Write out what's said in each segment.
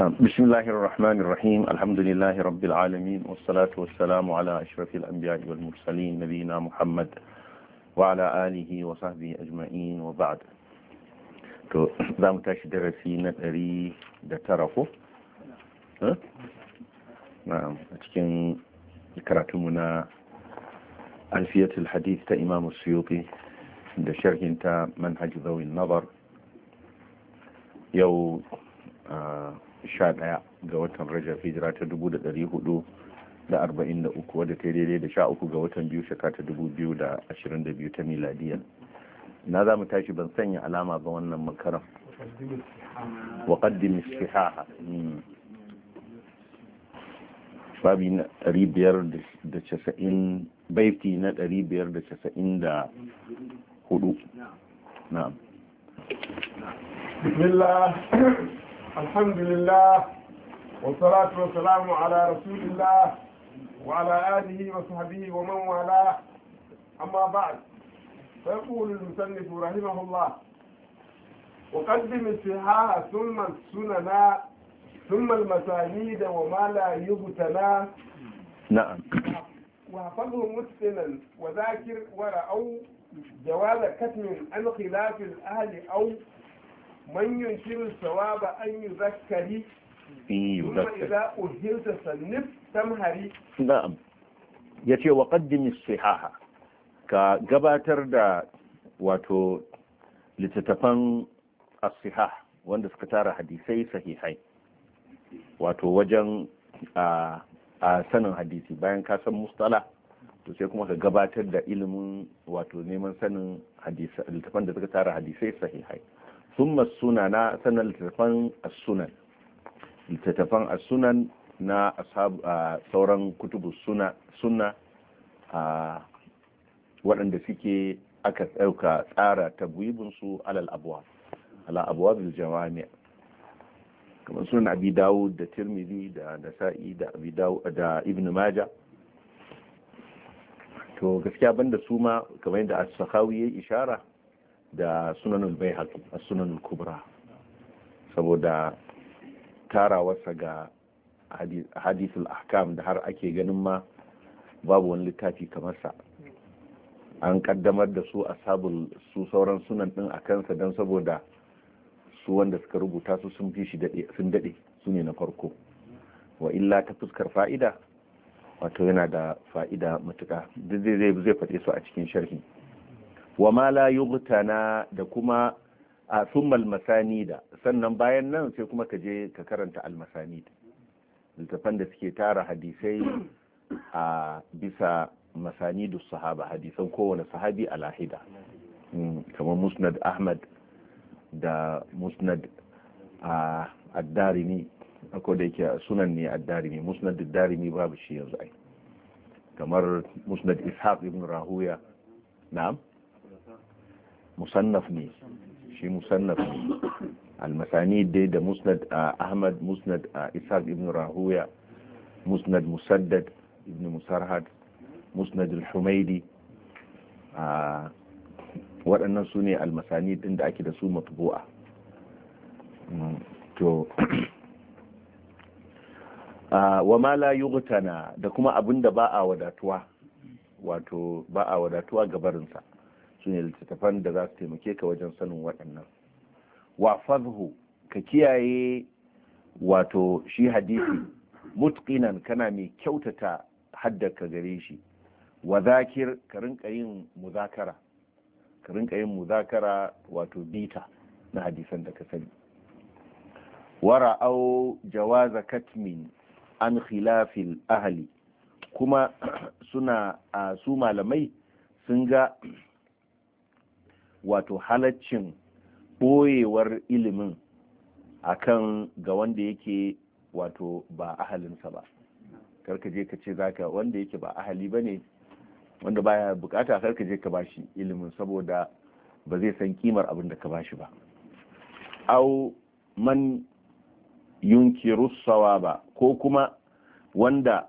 بسم الله الرحمن الرحيم الحمد لله رب العالمين والصلاة والسلام على أشرف الأنبياء والمرسلين نبينا محمد وعلى آله وصحبه أجمعين وبعد تو درسي نتري دترفو نعم أتكين كراتمنا ألفية الحديث تا إمام السيوطي عند شرح تا منهج ذوي النظر يو آه، 11 ga watan rajab hijira ta 443 wadda ta daidai da 13 ga watan biyu shaka ta 2022 ta miladiya na za mu tashi ban sanya alama ba wannan makaran wa qaddim istihaha hmm. babi na 590 baiti na 594 na'am بسم الحمد لله والصلاة والسلام على رسول الله وعلى آله وصحبه ومن والاه أما بعد فيقول المسنف رحمه الله وقدم السهاء ثم السننا ثم المسانيد وما لا يبتنا نعم وحفظه مسلما وذاكر ورأوا جواز كتم عن خلاف الأهل أو man yunkiru sawaba an yi zakari kuma idza uhilta sannif tamhari na'am yace wa qaddimi sihaha ka gabatar da wato littattafan asihah wanda suka tara hadisai sahihai wato wajen a sanin hadisi bayan ka san mustala to sai kuma ka gabatar da ilimin wato neman sanin littattafan da suka tara hadisai sahihai ثم na سنن لتتفن السنن لتتفن السنن نا أصحاب سوران كتب السنة suna waɗanda suke aka ɗauka tsara tabwibinsu alal abuwa ala abuwa bil jawami kamar sunan abi dawud da tirmidhi da nasa'i da ibn maja to gaskiya banda su ma kamar da as-sakhawi ya ishara da sunanul bai a sunanin kubra saboda tarawarsa ga hadithul ahkam da har ake ganin ma babu wani littafi kamar sa an kaddamar da su a sabul su sauran sunan din a kansa don saboda su wanda suka rubuta su sun fi shi sun daɗe su ne na farko wa illa ta fuskar fa'ida wato yana da fa'ida matuka duk zai zai faɗe su a cikin sharhi wa ma la yughtana da kuma a summal masanida sannan bayan nan sai kuma ka je ka karanta Al-Masanid. littafan da suke tara hadisai a bisa masanidu sahaba hadisan kowane sahabi a lahida hmm, kamar musnad ahmad da musnad addarimi da yake sunan ne addarimi musnad addarimi babu shi yanzu ai kamar musnad ishaq ibn rahuya na'am musannaf ne shi musannaf ne almasani dai da musnad ahmad musnad ishaq ibn rahuya musnad musaddad ibn musarhad musnad al-humaidi waɗannan su ne almasani ɗin da ake da su matbu'a mm, to wa ma la da kuma abin da ba a wadatuwa wato ba a wadatuwa gabarinsa su ne littattafan da za su taimake ka wajen sanin waɗannan wa fadhu ka kiyaye wato shi hadisi mutqinan kana mai kyautata haddaka gare shi wa zakir ka rinka yin muzakara ka rinka yin muzakara wato bita na hadisan da ka sani wara au jawaza katmin an khilafil ahali kuma suna su malamai sun ga wato halaccin ɓoyewar ilimin akan ga wanda yake wato ba ahalinsa ba karka je ka ce zaka wanda yake ba ahali ba ne wanda baya bukata karka je ka bashi ilimin saboda ba zai san kimar abin da ka bashi ba au man yunkiru ba ko kuma wanda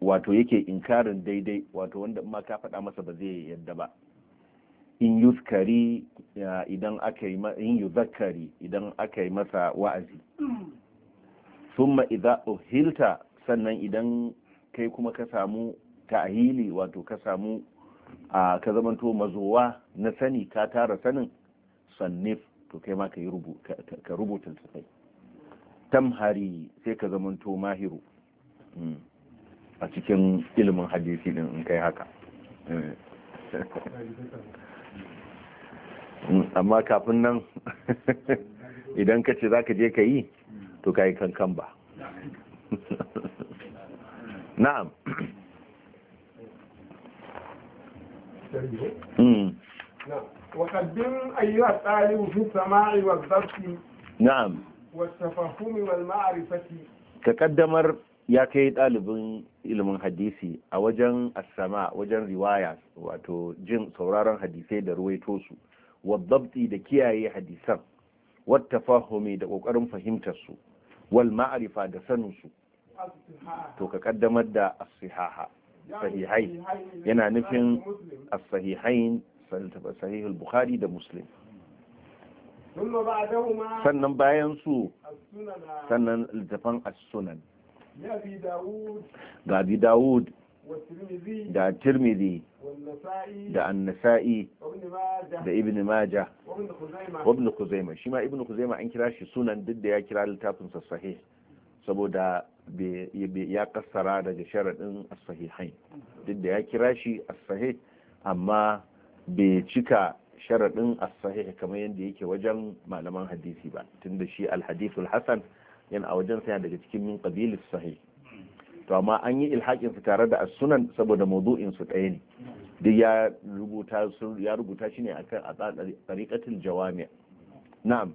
wato yake inkarin daidai wato wanda ma ka faɗa masa ba zai yadda ba in yuskari idan aka yi in yuzakari idan aka yi masa wa'azi summa idza uhilta sannan idan kai kuma ka samu ta'hili wato ka samu ka zamanto mazowa na sani ka tara sanin sannif to kai ma ka rubuta sai tamhari sai ka zamanto mahiru hmm. a cikin ilimin hadisi din in kai haka eh. Mm, amma kafin nan idan ka ce za ka je ka yi to ka yi kankan ba na'am وقدم أيها الطالب في السماع والدرس نعم والتفهم والمعرفة تقدم يا كي ɗalibin ilimin hadisi a wajen asama wajen riwaya wato jin sauraron hadisai da ruwaito wadabti da kiyaye hadisan wattafahumi da kokarin fahimtar su wal ma'arifa da sanin su to ka kaddamar da as-sihaha sahihai yana nufin as-sahihain sahih al-bukhari da muslim sannan bayan su sannan littafan as-sunan ga bi dawud da tirmidhi da annasa'i da ibn majah wa ibn khuzaimah shi ma ibn khuzaimah an kira shi sunan duk da ya kira littafin sa sahih saboda ya kassara daga sharadin as-sahihain duk da ya kira shi as-sahih amma bai cika sharadin as-sahih kamar yadda yake wajen malaman hadisi ba tunda shi al-hadithul hasan yana wajen sa daga cikin min qabilis sahih to amma an yi ilhakin su tare da asunan saboda mawdu'in su ɗaya ne duk ya rubuta su ya rubuta shi ne akan a tariqatul jawami na'am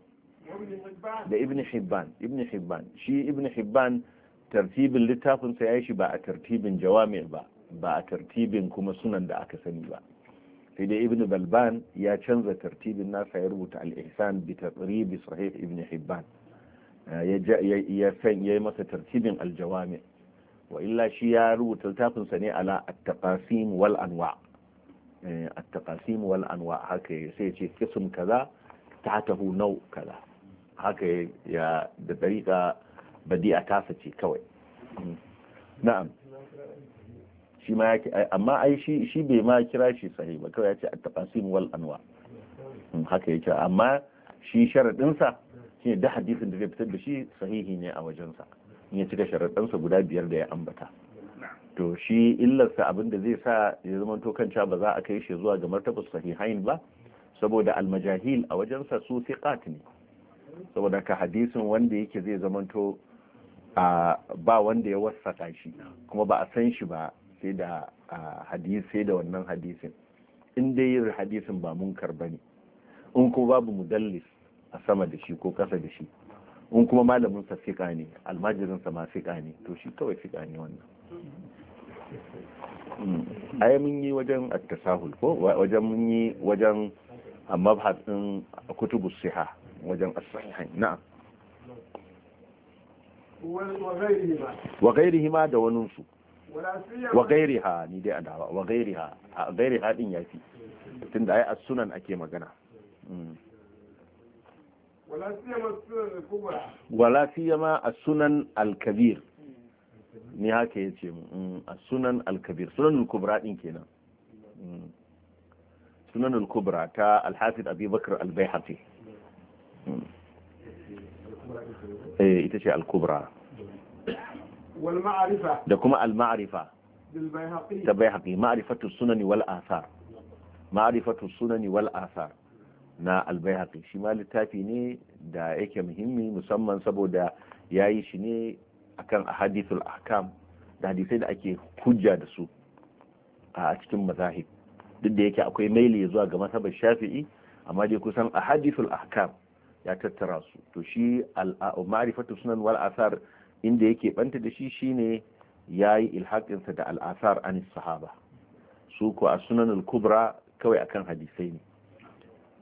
da ibn hibban ibn hibban shi ibn hibban tartibin littafin sa yayi shi ba a tartibin jawami ba ba a tartibin kuma sunan da aka sani ba sai dai ibn balban ya canza tartibin nasa ya rubuta al-ihsan bi tatribi sahih ibn hibban ya ya ya yi masa tartibin al-jawami' wa illa shi ya rubuta littafinsa ne ala at-taqasim wal anwa eh, at-taqasim wal anwa haka sai ce kisum kaza tahtahu nau kaza haka ya da dariqa badi'a tasa ce kawai mm. na'am shi ma yake amma ai shi shi bai ma kira shi sahih ba kawai ya ce at-taqasim wal anwa mm, haka yake amma shi sharadin sa shine da hadisin da zai fitar da shi sahihi ne a wajensa sa in ya cika sharaɗansa guda biyar da ya ambata to shi illarsa abin da zai sa ya zama to kanca ba za a kai shi zuwa ga martabus sahihain ba saboda almajahil a wajensa su thiqat ne saboda ka hadisin wanda yake zai zama to ba wanda ya wassaka shi kuma ba a san shi ba sai da hadisi sai da wannan hadisin in dai yin hadisin ba munkar bane in ko babu mudallis a sama da shi ko kasa da shi in kuma malamin sa fiƙa ne almajirin sa ma fiƙa ne to shi kawai fiƙa ne wannan hmm. ai mun yi wajen attasahul ko wajen mun yi wajen mabhas din kutubu siha wajen as-sahihain na'am wa ma da su, wa gairiha ni dai adawa wa gairiha gairiha din yafi tunda ai as-sunan ake magana hmm. wala siyama a sunan alkabir ni haka ya ce a sunan alkabir sunan al-kubra din kenan sunan al-kubra ta alhafid abubakar bakar al ita ce al-kubra da kuma al maarifa bil bai ta ma'arifatu ma'rifatu sunani wal athar ma'rifatu sunani wal athar na albayhaqi shi ma littafi ne da yake muhimmi musamman saboda ya yi shi ne akan ahadithul ahkam da hadisai da ake hujja da su a cikin mazahib duk da yake akwai maili zuwa ga masabar shafi'i amma dai kusan ahadithul ahkam ya tattara su to shi ma'rifatu sunan wal asar inda yake banta da shi shine yayi ilhakinsa da al'asar asar anis sahaba su ko a sunanul kubra kawai akan hadisai ne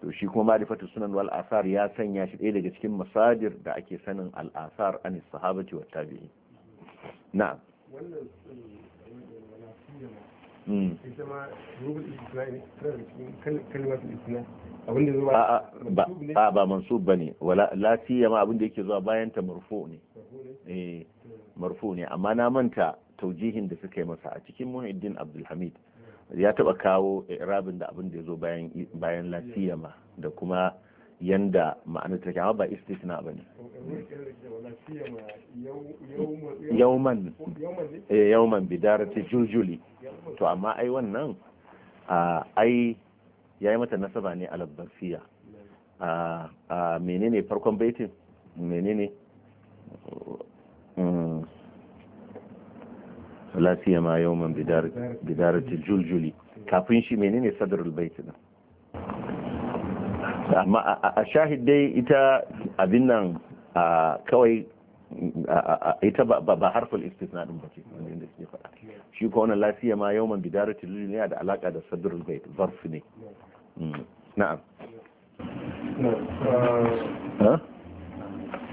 to shi kuma ma'rifatu sunan wal asar ya sanya shi ɗaya daga cikin masadir da ake sanin al asar an sahabati wa tabi'i na'am hmm. a ba mansub bane wala la abin da yake zuwa bayan ta marfu ne eh, ne amma na manta taujihin da suka yi masa a cikin muhiddin Abdulhamid ya taba kawo rabin da abin da ya zo bayan Lafiyama da kuma yanda ma'anar take amma ba istisna ba ne yauman eh, yauman bidarati juljuli to amma ai wannan ai ya yi mata nasaba ne a labbafiya a menene farkon baitin menene la siyama yawman bidarati juljuli kafin shi menene sadrul bait din amma a shahid dai ita abin nan kawai ita ba harfin istisna din ba ce wanda suke faɗa shi ko wannan lafiya ma yau man bidarati juljuli yana da alaka da sadrul bait zarf ne na'am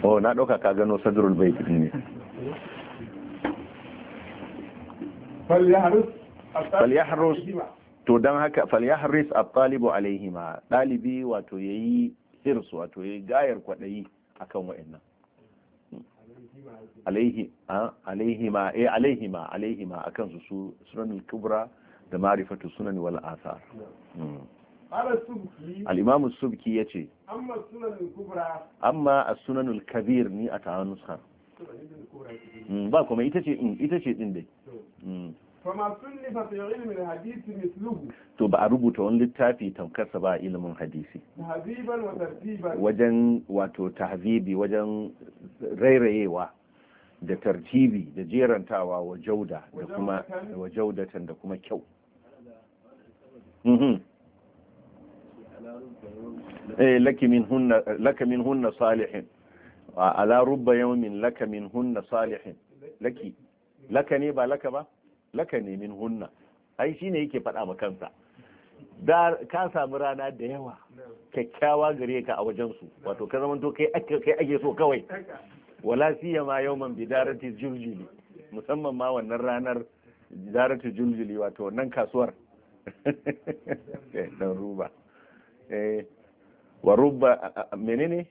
oh na ɗauka ka gano sadrul bait ne falyahrus to don haka falyahris at-talibu alaihima ɗalibi wato ya yi hirs wato ya yi gayar kwaɗayi akan wa'annan alaihi alaihima eh alaihima alaihima akan su su sunan kubra da ma'rifatu sunan wal athar hmm. al-imam as-subki yace amma as-sunan amma as-sunan kabir ni a ta nuskar Mm, ba kuma ita ce mm, ita ce din dai mm. to ba a rubuta wani littafi tamkarsa ba ilimin hadisi wajen wato tahzibi wajen rairayewa da tartibi da jerantawa wa jauda da kuma wa jaudatan da kuma kyau mm-hmm. eh, laka min hunna salihin ala rubba yawmin laka min hunna salihin laki laka ne ba laka ba laka ne min hunna ai shine yake faɗa ma kansa da ka samu rana da yawa kyakkyawa gare ka a wajen su wato ka zamanto kai kai ake so kawai wala ma yawman bidarati juljili musamman ma wannan ranar bidarati juljili wato nan kasuwar eh, dan ruba eh wa rubba menene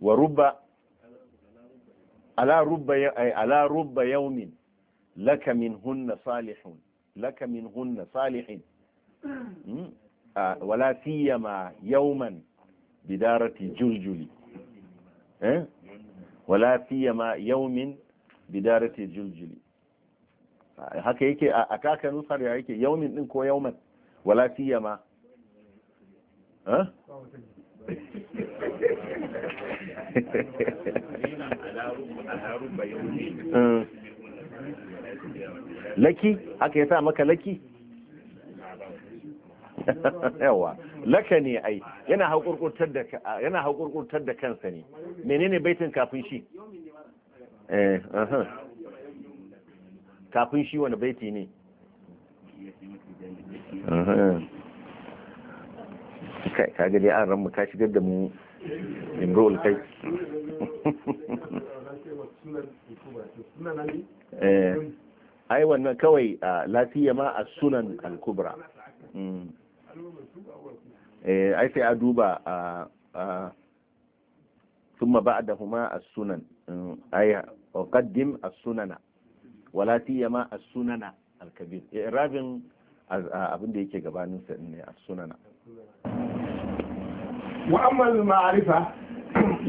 ورب على رب على رب يوم لك منهن صالح لك منهن صالح آه، ولا سيما يوما بدارة الجلجل ولا سيما يوم بدارة الجلجل haka yake a kaka nusar ya yake yaumin din ko yauman wala laki aka yi sa maka laki yawa laka ne ai yana haƙurƙurtar da yana haƙurƙurtar da kansa ne menene baitin kafin shi eh kafin shi wani baiti ne kai kaga dai an ran mu ka shigar da mu imrul kai eh ai wannan kawai ah, lafiya ma a sunan al-kubra hmm. eh ai sai a duba a ثم بعدهما السنن أي أقدم السنن ولا سيما السنن الكبير إعراب abin da yake gabanin sa ne a sunana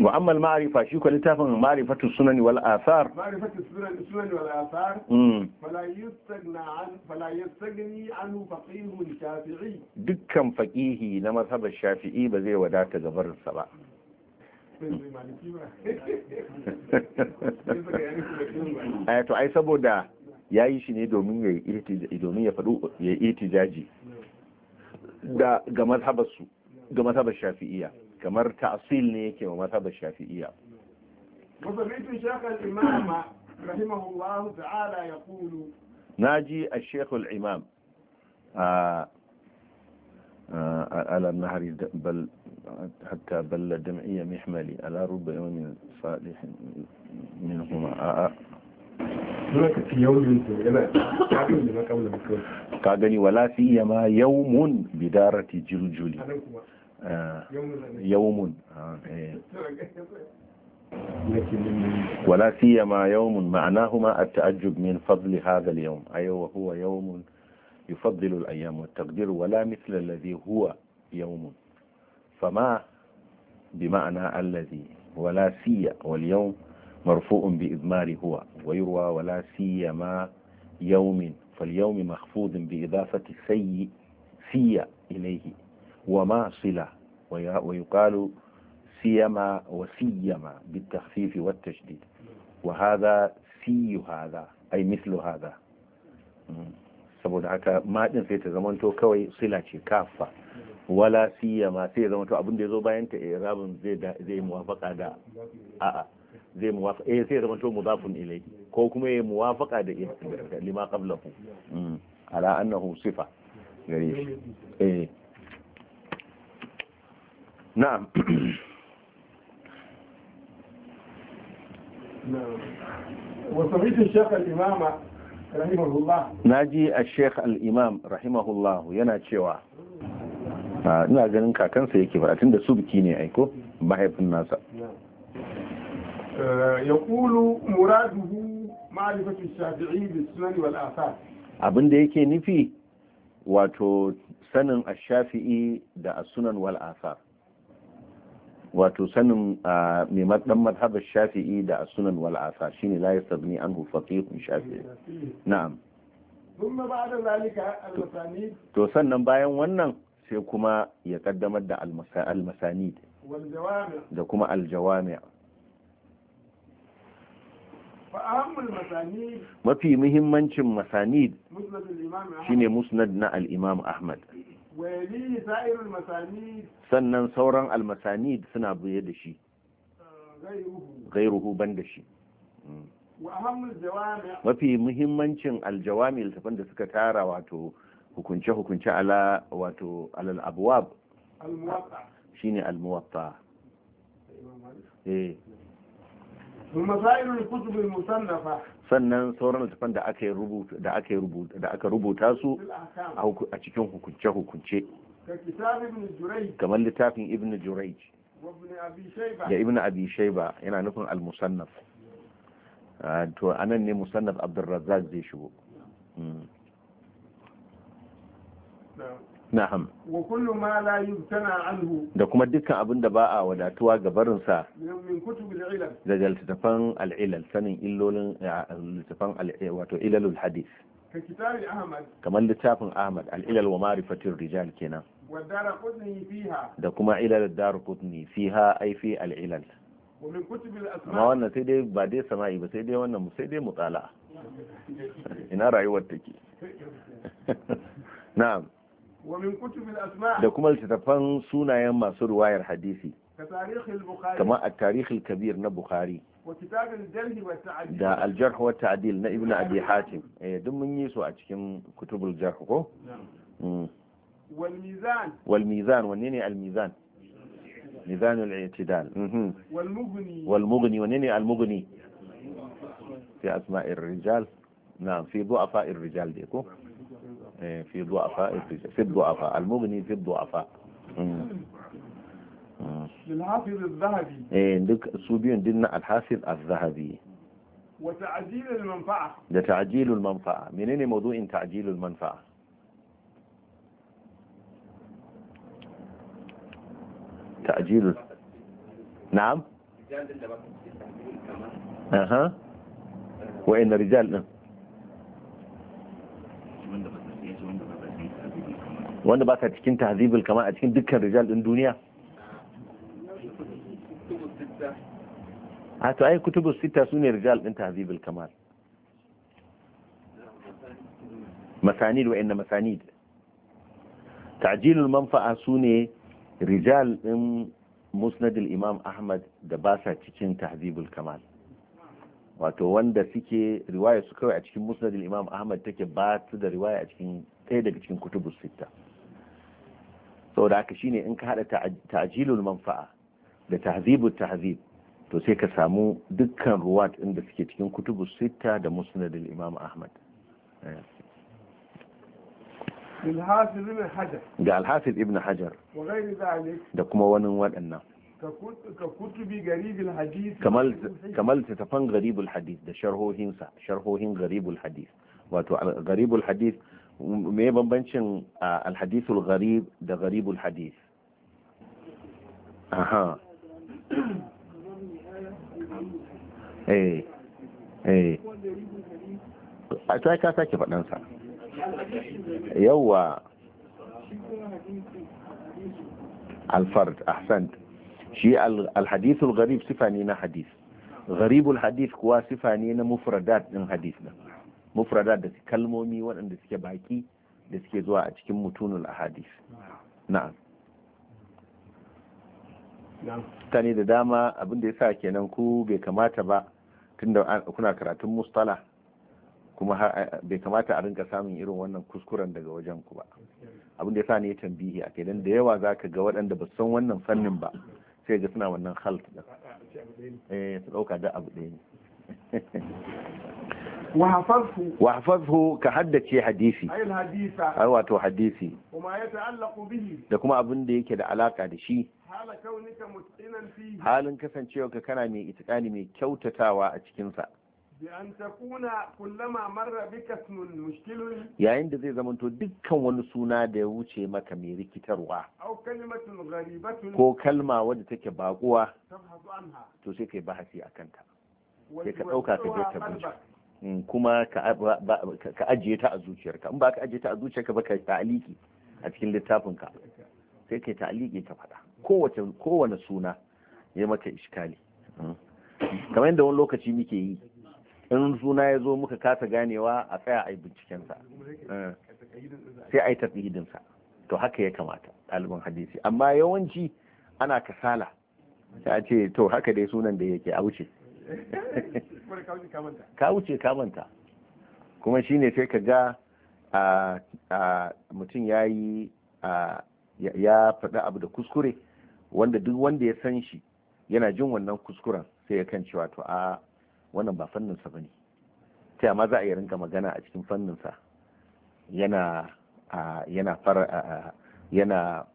wa amma al shi ko littafin ma'rifatu sunani wal athar wal athar hmm. fala yastagna an fala yastagni dukkan na mazhabar shafi'i ba zai wadata gabarin ba ai eh, to ai saboda yayi shi ne domin ya yi domin ya faɗo ya itijaji ga mazhabar kamar ta'asil ne yake wa mazhabar shafi'iyya naji al-sheikh al-imam على النهر بل حتى بل دمعية محملي على رب يوم صالح منهما كاغني ولا سيما يوم بدارة جلجلي آه، يوم آه، إيه. ولا سيما يوم معناهما التعجب من فضل هذا اليوم أي أيوة وهو يوم يفضل الأيام والتقدير ولا مثل الذي هو يوم فما بمعنى الذي ولا سي واليوم مرفوع بإضمار هو ويروى ولا سيما يوم فاليوم مخفوض بإضافة سي سي إليه وما صلة ويقال سيما وسيما بالتخفيف والتشديد وهذا سي هذا أي مثل هذا saboda haka maɗin sai ta zamanto kawai sila ce kafa wala siyama sai ya zamanto abin da ya zo bayan ta irabin eh, zai yi muwafaka da a'a zai muwafaka eh sai ya zamanto mudafun ilai ko kuma ya muwafaka da lima qablahu hmm. ala annahu sifa gare shi eh na'am na ji a sheikh al'imam rahimahullahu yana cewa ah, ina ganin kakansa yake faratun da su biki ne aiko mahaifin nasa eh, ya kulu muraduhu shafi'i da sunani wal abinda yake nufi wato sanin a shafi'i da sunan wal asar wato sanin mai matsan madhabar shafi'i da a sunan Wal'asa, asar shine la an anhu faqihun shafi'i na'am to sannan bayan wannan sai kuma ya kaddamar da almasani da kuma aljawami mafi muhimmancin masanid shine musnad na al-imam ahmad sannan sauran almasani suna buye da shi ah, gairuhu ban da shi hmm. mafi muhimmancin aljawami littafin da suka tara wato hukunce-hukunce ala wato alal abuwab shine almuwatta eh sannan sauran littafan da aka rubuta da aka rubuta da aka rubuta su a cikin hukunce hukunce kamar littafin ibn jurayj da ibn abi shayba yana nufin al-musannaf ah, to anan ne musannaf abdurrazzaq zai shigo hmm. na'am wa kullu ma la da kuma dukkan abin da ba a wadatuwa ga barin sa min kutubil ilal daga littafan al wato ilalul hadith ka kitabi ahmad kamar littafin ahmad al-ilal wa rijal kenan wa daraqutni fiha da kuma ilal darqutni fiha ai fi al-ilal amma wannan sai dai ba dai sama'i sai dai ina rayuwar take na'am da kuma littattafan sunayen masu ruwayar hadisi kama a tarihil kabir na bukhari da aljarh wa ta'dil na ibn abi hatim eh duk mun yi su a cikin kutubul jarh ko mm. wal mizan wal mizan wanne ne al mizan ميزان الاعتدال والمغني والمغني ونين fi في أسماء الرجال نعم في Rijal الرجال ديكو في ضعفاء في الضعفاء المغني في الضعفاء للحافظ الذهبي ايه دك سوبيون دينا الحافظ الذهبي وتعجيل المنفعة ده تعجيل المنفعة منين موضوع تعجيل المنفعة تعجيل نعم اها وان رجال wanda ba sa cikin tahzibul kamar a cikin dukkan rijal din duniya a to ai kutubus sita sune rijal din tahzibul kamal masanid wa inna masanid ta'jilul manfa'a ne rijal din musnadul imam ahmad da ba sa cikin tahzibul kamal wato wanda suke riwaya su kawai a cikin musnad imam ahmad take ba su da riwaya a cikin ɗaya daga cikin kutubu sita saboda haka shine in ka hada ta'jilul manfa'a da tahzibut tahzib to sai ka samu dukkan ruwat inda suke cikin kutubu sitta da musnad imam ahmad ga alhafiz ibn hajar da kuma wani waɗannan كمال ستفن غريب الحديث ده شرحوهين شرحوهين غريب الحديث واتو غريب الحديث مي بمبنشن آه، الحديث الغريب ده غريب الحديث اها ايه ايه اتاكا ساكي فدانسا يوا الفرد احسنت shi alhadithul gharib sifa ne na hadith gharibul hadith kuwa sifa ne na mufradat din hadith din mufradat da kalmomi waɗanda suke baki da suke zuwa a cikin mutunul ahadith na'am Tani da dama abin da yasa kenan ku bai kamata ba tunda kuna karatun mustala kuma bai kamata a rinka samun irin wannan kuskuren daga wajen ku ba abin da yasa ne tambihi a kai da yawa zaka ga waɗanda ba san wannan fannin ba sai ga suna wannan halt da su dauka da abu ɗaya ne eh, ka haddace hadisi ai wato hadisi da kuma abin da yake da alaka da shi halin kasancewa ka kana mai itikani mai kyautatawa a cikinsa yayin da zai zamanto dukkan wani suna da ya wuce maka mai rikitarwa ko kalma wadda take bakuwa to sai ka yi bahasi a kanta sai ka ɗauka ka je ta mm, kuma ka ajiye ta a zuciyarka in ba ka ajiye ta a zuciyarka ba ka ta'aliki a cikin littafinka sai ka ta'aliki ta faɗa kowace kowane suna ya maka iskali mm. kamar yadda wani lokaci muke yi in suna ya zo muka kasa ganewa a tsaya a bincikensa eh, sai a yi taƙidinsa to haka ya kamata ɗaliban hadisi amma yawanci ana kasala ta ce to haka dai sunan da yake a wuce ka wuce ka manta kuma shine sai ka ga mutum ya yi ya faɗi abu da kuskure wanda duk wanda ya san shi yana jin wannan kuskuren sai ya kan cewa to a wannan ba fanninsa ba ne ta yamma za a yi rinka magana a cikin fanninsa yana yana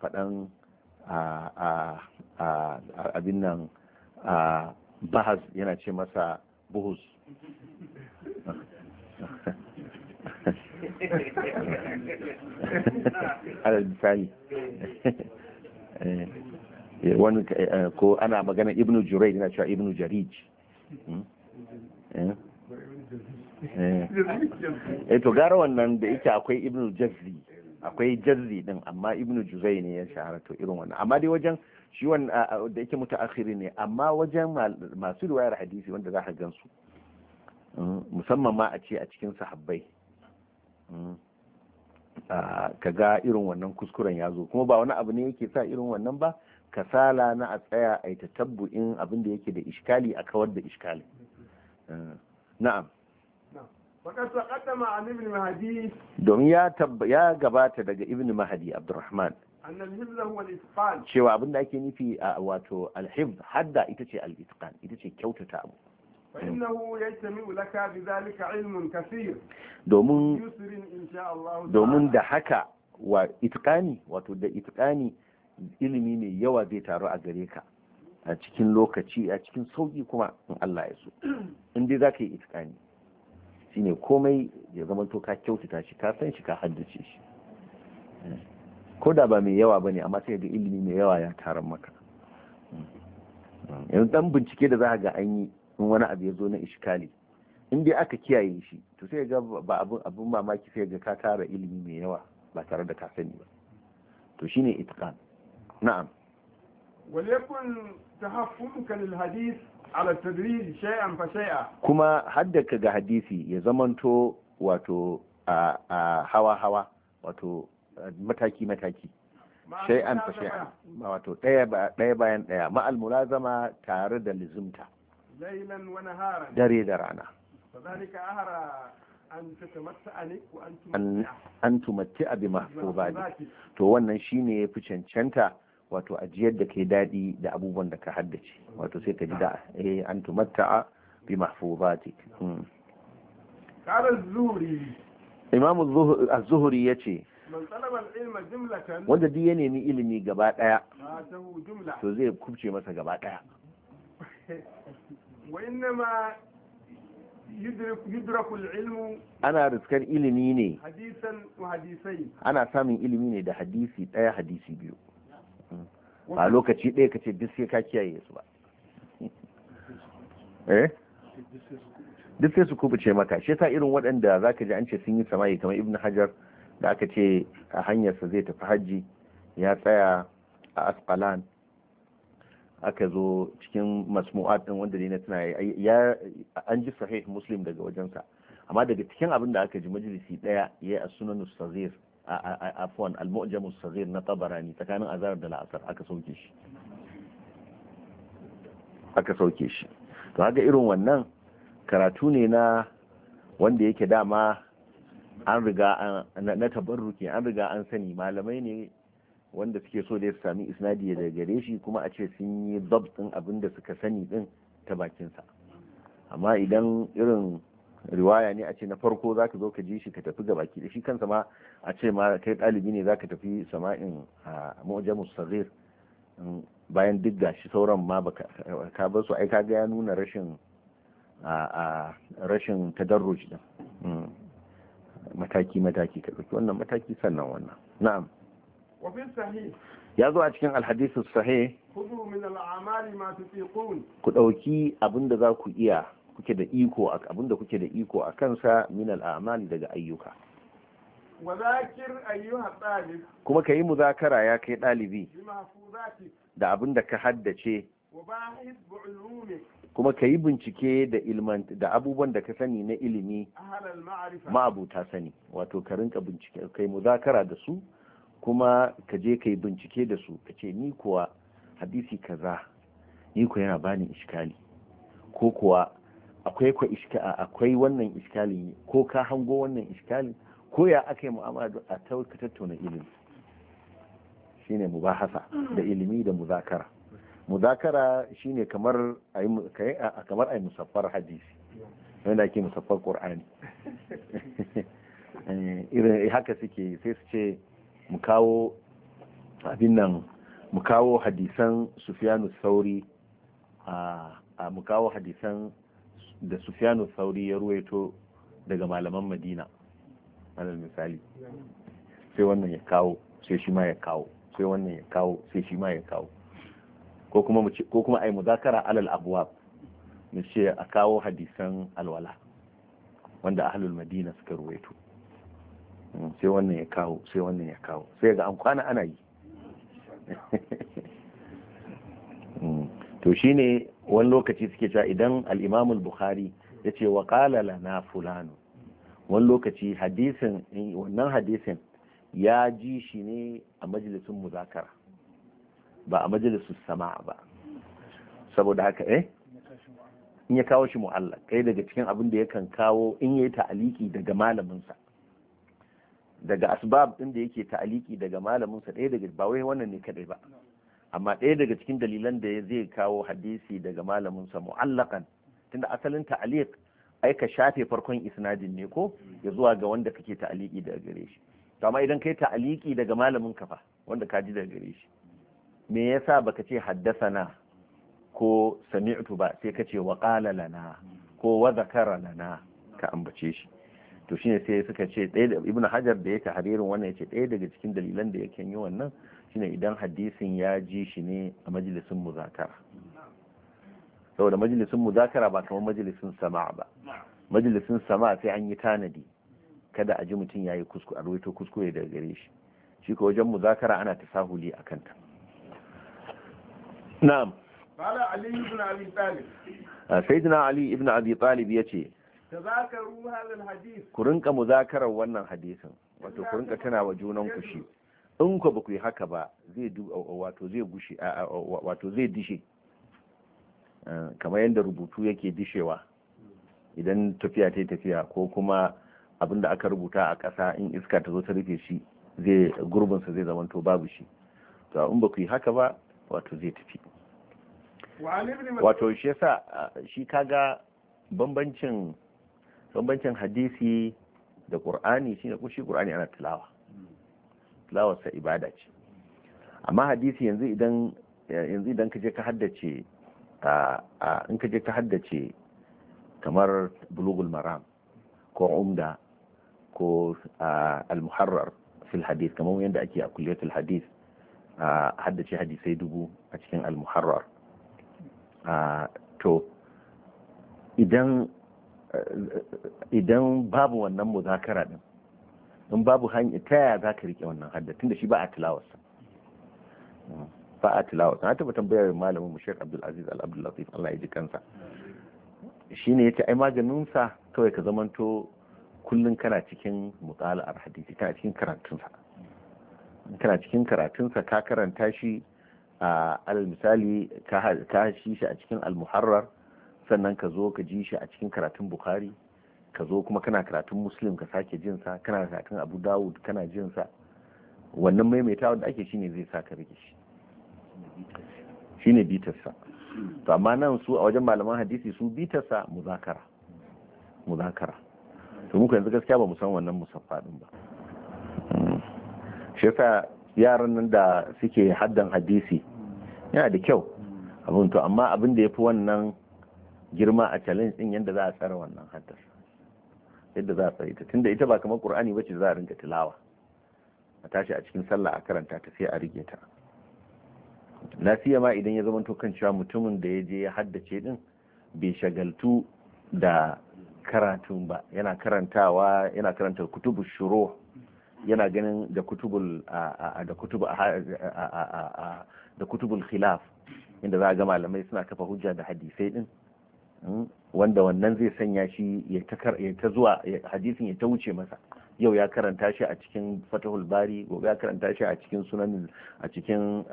faɗan abin nan bahas yana ce masa buhus ala misali eh, eh, wani eh, ko ana magana ibnu jurai yana cewa ibnu jarij hmm? Eh? Eh. eh to gara wannan da yake akwai ibnu jazzi akwai jazzi din amma ibnu juzai ne ya shahara to irin wannan amma dai wajen shi wannan da yake mutaakhiri ne amma wajen masu riwayar hadisi wanda za ka gansu mm, musamman ma a ce a cikin sahabbai mm, ka ga irin wannan kuskuren ya zo kuma ba wani abu ne yake sa irin wannan ba kasala na a tsaya a yi in abin da yake da iskali a kawar da iskali. Eh, na'am domin ya gabata daga ibn mahadi abdurrahman cewa abin da ake nufi a wato alhif hadda ita ce al-itqan ita ce kyautata abu domin domin da haka wa itqani wato da itqani ilimi mai yawa zai taru a gare ka a cikin lokaci a cikin sauƙi kuma in Allah ya so in dai za ka yi itikani ne komai ya zama to ka kyautata shi ka san shi ka haddace shi ko da ba mai yawa ba ne amma sai ga ilimi mai yawa ya tarar maka yanzu dan bincike da za ga an yi in wani abu ya zo na iskali in dai aka kiyaye shi to sai ga ba abun abun mamaki sai ga ka tara ilimi mai yawa ba tare da ka sani ba to shine itqan na'am wal yakun للحديث على التدريج شيئا فشيئا كما حدك kuma haddaka ga hadisi ya zamanto wato a واتو متاكي متاكي mataki mataki shay'an fa shay'an tare da lizumta laylan dare da rana an tumatti abi to wannan shine ya fi cancanta wato ajiyar da ke daɗi da abubuwan da ka haddace wato sai ka ji da eh an tumatta'a bi mahfuzatik hmm. qala zuhri imam az ya ce wanda duk ya nemi ilimi gaba daya to zai kubce masa gaba daya ana riskar ilimi ne ana samun ilimi ne da hadisi ɗaya, hadisi biyu ba lokaci ɗaya ka ce duk ka kiyaye su ba eh duk sai su maka shi yasa irin waɗanda za ka ji an ce sun yi samayi kamar Ibn hajar da aka ce a hanyarsa zai tafi hajji ya tsaya a asqalan aka zo cikin masmu'at din wanda ne na tana ya an ji sahih muslim daga wajensa amma daga cikin abin da aka ji majalisi daya ya yi a sunan sazir afwan al-mu'jam saghir na tabarani tsakanin azarar da la'asar aka sauke shi aka sauke shi to haka irin wannan karatu ne na wanda yake dama an riga na tabarruki an riga an sani malamai ne wanda suke so da su sami isnadi daga gare shi kuma a ce sun yi dabtin abin da suka sani din ta bakinsa amma idan irin riwaya ne a ce na farko za ka zo ka ji shi ka tafi gaba ki shi kansa ma a ce ma kai ɗalibi ne za ka tafi sama'in a mu'jamus saghir bayan duk gashi sauran ma ka bar su ai kaga ya nuna rashin a rashin tadarruj din hmm. mataki mataki ka tsaki wannan mataki sannan wannan na'am ya zo a cikin alhadisu sahih ku ɗauki abin da za ku iya kuke da iko abinda kuke da iko a kansa min al'amal daga ayyuka kuma ka yi muzakara ya kai ɗalibi da abinda ka haddace kuma ka yi bincike da ilman da abubuwan da ka sani na ilimi ma'abuta sani wato ka rinka bincike kai muzakara da su kuma ka je ka yi bincike da su ka ce ni kuwa hadisi kaza ni kuwa yana bani iskali ko kuwa akwai ko akwai wannan iskalin ko ka hango wannan iskalin ko ya aka yi mu'amala a ka tattauna ilimi shine mubahasa da ilimi da muzakara muzakara shine kamar ayi kamar ayi musaffar hadisi wanda ake musaffar qur'ani eh, irin eh, haka suke sai su ce mu kawo abin nan mu kawo hadisan sufyanu sauri a mu kawo hadisan da sufyanu sauri ya ruwaito daga malaman madina alal misali sai wannan ya kawo sai shi ma ya kawo sai wannan ya kawo sai shi ma ya kawo ko kuma mu ko ai muzakara alal abwab mu ce a kawo hadisan alwala wanda ahlul madina suka ruwaito hmm, sai wannan ya kawo sai wannan ya kawo sai ga an kwana ana yi hmm, to shine wani lokaci suke cewa idan Al'imamul imam al-Bukhari yace wa qala lana fulanu wani lokaci hadisin wannan hadisin ya ji shi ne a majalisun muzakara ba a majalisun sama ba saboda haka eh in ya kawo shi mu'allaq kai daga cikin abin da yakan kawo in yayi ta'aliki daga malaminsa daga asbab din da yake ta'aliki daga malaminsa ɗaya daga ba wai wannan ne kadai ba amma ɗaya daga cikin dalilan da zai kawo hadisi daga malamin sa mu'allakan tunda asalin ta'liq ai ka shafe farkon isnadin ne ko ya zuwa ga wanda kake ta'liqi daga gare shi to amma idan kai ta'liqi daga malamin ka fa wanda ka ji daga gare shi me yasa baka ce haddathana ko sami'tu ba sai ka ce waqala lana ko wa zakara lana ka ambace shi to shine sai suka ce ɗaya ibnu hajar da ya tahririn wannan yace ɗaya daga cikin dalilan da yake yi wannan shine idan hadisin ya ji shi ne a majalisin muzakara saboda majalisin muzakara ba kamar majalisin sama ba majalisin sama sai an yi tanadi kada a ji mutum ya yi kusku a ruwaito kuskure daga gare shi shi ko wajen muzakara ana ta sahuli a kanta na'am Bala Ali ibn Abi Talib. Ah, Sayyidina Ali ibn Abi Talib ya ce, Ku rinka muzakarar wannan hadisin, wato ku rinka tana wa junan ku shi. in ku ba ku yi haka ba zai wato zai gushe wato zai dishe eh, kamar yadda rubutu yake dishewa idan tafiya ta tafiya ko kuma abin da aka rubuta a ƙasa in iska ta zo ta rufe shi zai gurbinsa zai zamanto babu shi to in ba ku yi haka ba wato zai tafi wato shi yasa shi kaga bambancin bambancin hadisi da qur'ani shine kushi qur'ani ana tilawa tilawarsa ibada ce amma hadisi yanzu idan yanzu ka je ka haddace in ka ka haddace kamar bulugul maram ko umda ko al-muharrar fil hadis kamar yadda ake a kulliyatul a haddace hadisai dubu a cikin al-muharrar to idan idan babu wannan muzakara din in babu hanyar ta yaya za ka rike wannan hadda tunda shi ba a tilawarsa ba a tilawarsa na taɓa tambayar malamin mu shek Abdul Aziz Al Abdul Latif Allah ya ji kansa shine ce ai maganin sa kawai ka zamanto kullum kana cikin a hadisi kana cikin karatunsa kana cikin karatunsa ka karanta shi a alal misali ka shi shi a cikin al-muharrar sannan ka zo ka ji shi a cikin karatun bukhari ka zo kuma kana karatun muslim ka sake jin sa kana karatun abu dawud kana jin sa wannan maimaitawa da ake shine zai sa ka rike shi shine bitarsa to amma nan su a wajen malaman hadisi su bitarsa muzakara muzakara to muka yanzu gaskiya ba mu san wannan musaffa din ba shi yasa yaran nan da suke haddan hadisi yana da kyau abin to amma abin da ya fi wannan girma a challenge din yadda za a tsara wannan haddasa. yadda za a tsare ta tunda ita ba kamar qur'ani ce za a rinka tilawa a tashi a cikin sallah a karanta ta sai a rige ta na siya ma idan ya zama to kan cewa mutumin da ya je ya haddace din bai shagaltu da karatun ba yana karantawa yana karanta kutubu shuro yana ganin da kutubul da kutubu da kutubul khilaf inda za a ga malamai suna kafa hujja da hadisai din wanda wannan zai sanya shi ya ta zuwa hadisin ya ta wuce masa yau ya karanta shi a cikin fatahul bari gobe ya karanta shi a cikin sunan a cikin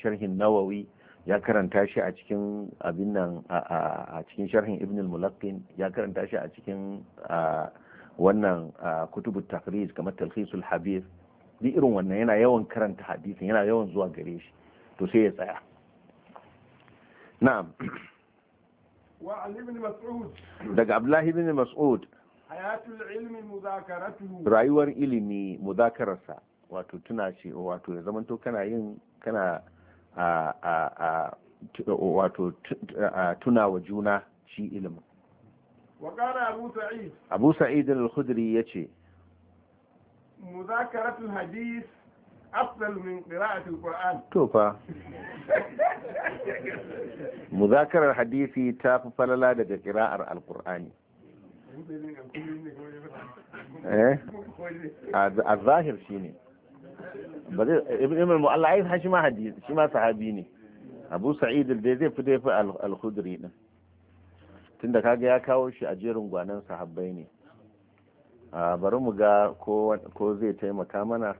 sharhin nawawi ya karanta shi a cikin abin nan a cikin sharhin ibn al ya karanta shi a cikin wannan Kutubu takhrij kamar talhisul habir duk irin wannan yana yawan karanta hadisin yana yawan zuwa gare shi to sai ya tsaya na'am daga abdullahi bin mas'ud rayuwar ilimi muzakararsa wato tuna ce, wato ya zamanto kana yin kana a a tuna wa juna shi ilimin abu sa'id al-khudri ya ce muzakaratul hadith أفضل من قراءة القرآن توفا مذاكرة hadisi ta fi falala daga الظاهر alqur'ani eh a sahabi ne abu sa'id zai fi dai fi al-khudri din tunda kaga ya kawo shi a jerin gwanan sahabbai ne bari mu ga ko zai taimaka mana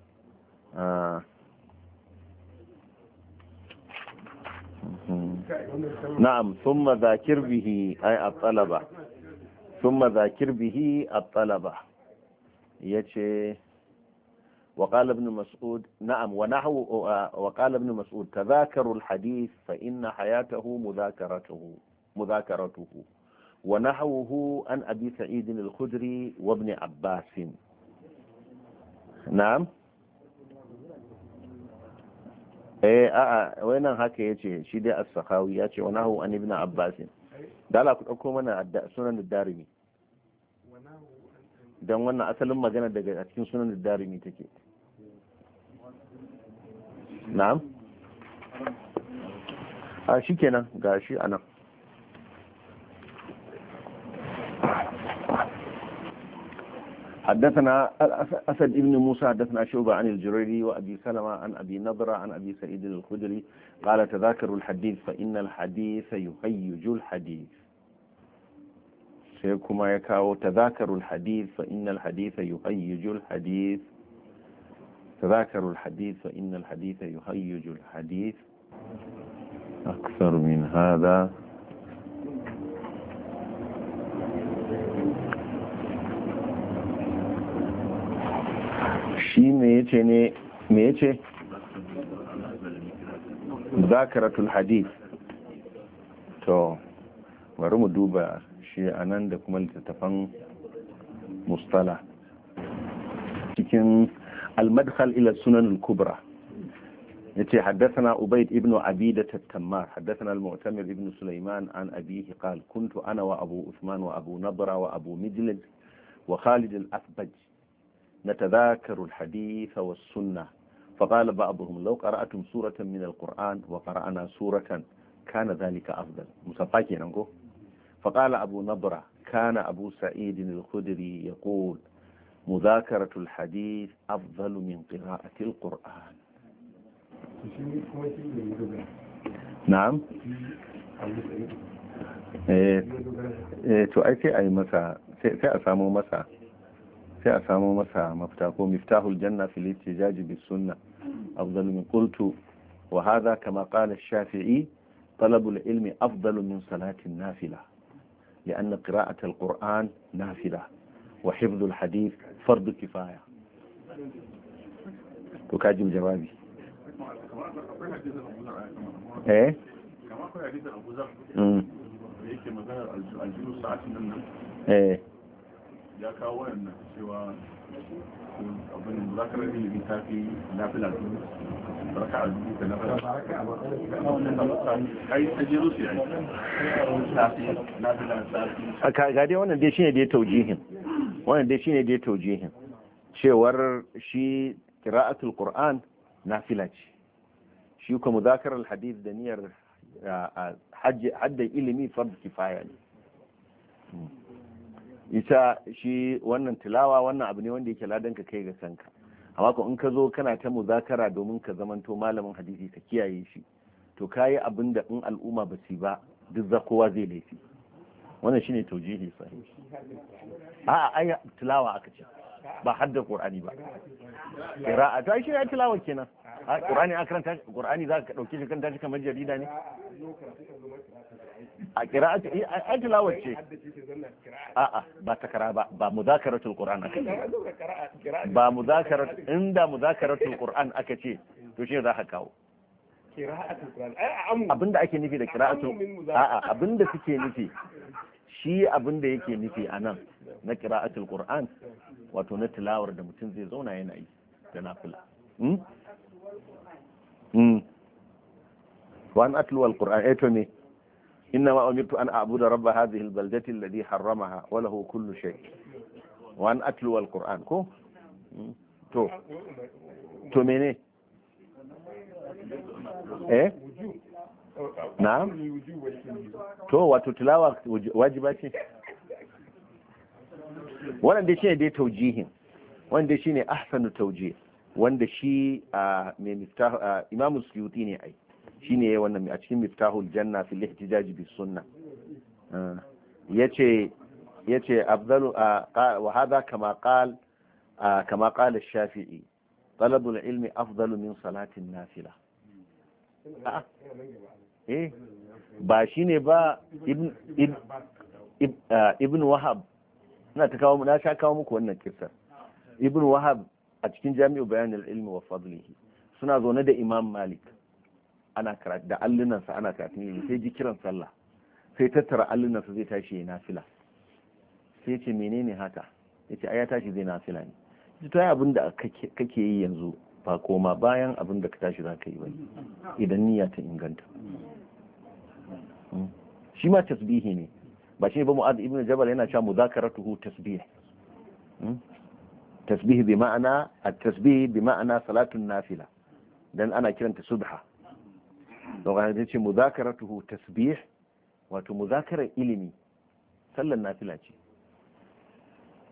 na'am summa zakir bihi ay at-talaba summa zakir bihi at-talaba yace وقال ابن مسعود نعم ونحو وقال ابن مسعود تذاكروا الحديث فإن حياته مذاكرته مذاكرته ونحوه عن أبي سعيد الخدري وابن عباس نعم eh a'a wannan haka yace shi dai as-sakhawi yace wa nahu an ibn abbas da la ku dauko mana sunan darimi dan wannan asalin magana daga cikin sunan darimi take na'am ah, a shikenan gashi anan حدثنا أسد بن موسى حدثنا شعبة عن الجريري وأبي سلمة عن أبي نضرة عن أبي سعيد الخدري قال تذاكروا الحديث فإن الحديث يهيج الحديث سيكما يكاو تذاكروا الحديث فإن الحديث يهيج الحديث تذاكروا الحديث فإن الحديث يهيج الحديث أكثر من هذا yace ne me yace zakaratul hadith to bari mu duba shi anan da kuma littattafan mustala cikin almadkhal ila sunan al-kubra yace haddathana ubayd ibn abida tattammar haddathana al ibnu ibn sulaiman an abihi qala kuntu ana wa abu usman wa abu Nabra, wa abu mijlid wa khalid al-asbaj نتذاكر الحديث والسنة فقال بعضهم لو قرأتم سورة من القرآن وقرأنا سورة كان ذلك أفضل مسفاكي ننقو فقال أبو نضرة كان أبو سعيد الخدري يقول مذاكرة الحديث أفضل من قراءة القرآن نعم to ai sai a yi masa sai a samu masa سأسامو مسا مفتاقو مفتاح الجنة في الاتجاج بالسنة أفضل من قلت وهذا كما قال الشافعي طلب العلم أفضل من صلاة النافلة لأن قراءة القرآن نافلة وحفظ الحديث فرض كفاية تكاجم جوابي ايه كما قال حديث ابو ذر ايه ya kawo wannan cewa abin za ka rabi ne ta fi lafiya dubu barka a dubu ka lafiya ai ta je rufe ai tafi lafiya tafi a kagade wannan dai shine da ya taujihin wannan dai shine da ya taujihin cewar shi qira'atul qur'an nafila ce shi kuma muzakarar hadith da niyyar hadda ilimi fard kifaya ne ita shi wannan tilawa wannan abu ne wanda yake ladan ka kai ga sanka amma ko in ka zo kana ta muzakara domin ka zamanto malamin hadisi ka kiyaye shi to kayi abin da in al'umma ba su ba duk za kowa zai laifi wannan shine taujihi sahihi a'a ai tilawa aka ce ba hadda qur'ani ba qira'a to shi ne tilawa kenan qur'ani a karanta qur'ani za ka dauke shi kan tashi kamar jarida ne a qira'a eh, a tilawa ce a a ba takara ba ba muzakaratul qur'an aka ce ba muzakarat inda muzakaratul qur'an aka ce to shi za ka kawo abinda ake nufi da qira'atu a'a abinda suke nufi shi abinda yake nufi anan na qira'atul qur'an wato na tilawar da mutum zai zauna yana yi da nafila wa an atlu alquran eh to me inna ma umirtu an a'budu rabba hadhihi albaldati alladhi harramaha wa lahu kullu shay wa an atlu alquran ko to to mene eh na'am to wato tilawa wajiba ce wannan dai shine dai taujihin wanda shine ahsanu taujih wanda shi a mai miftah imam suyuti ne ai shine wannan a cikin miftahul janna fil ihtijaj bis sunna yace yace afdalu wa hadha kama kama ash-shafi'i talabul ilmi afdalu min salatin nafila eh ba shine ba ibn ibn wahab na ta kawo na sha kawo muku wannan kissa ibn wahab a cikin jami'u bayan ilmi wa fadlihi suna zaune da imam malik ana karatu da allunansa ana karatu ne sai ji kiran sallah sai tattara allunansa zai tashi ya nafila sai ce menene haka yace ai ya tashi zai nafila ne ji to abin da kake yi yanzu ba koma bayan abin da ka tashi za ka yi bane idan niyya ta inganta hmm. shi ma tasbihi ne ba shi ba mu'ad ibn jabal yana cewa mudhakaratuhu tasbih hmm? tasbih bi ma'ana at-tasbih bi ma'ana salatun nafila dan ana kiranta subha don ga ta ce mudhakaratuhu tasbih wato muzakarar ilimi sallan nafila ce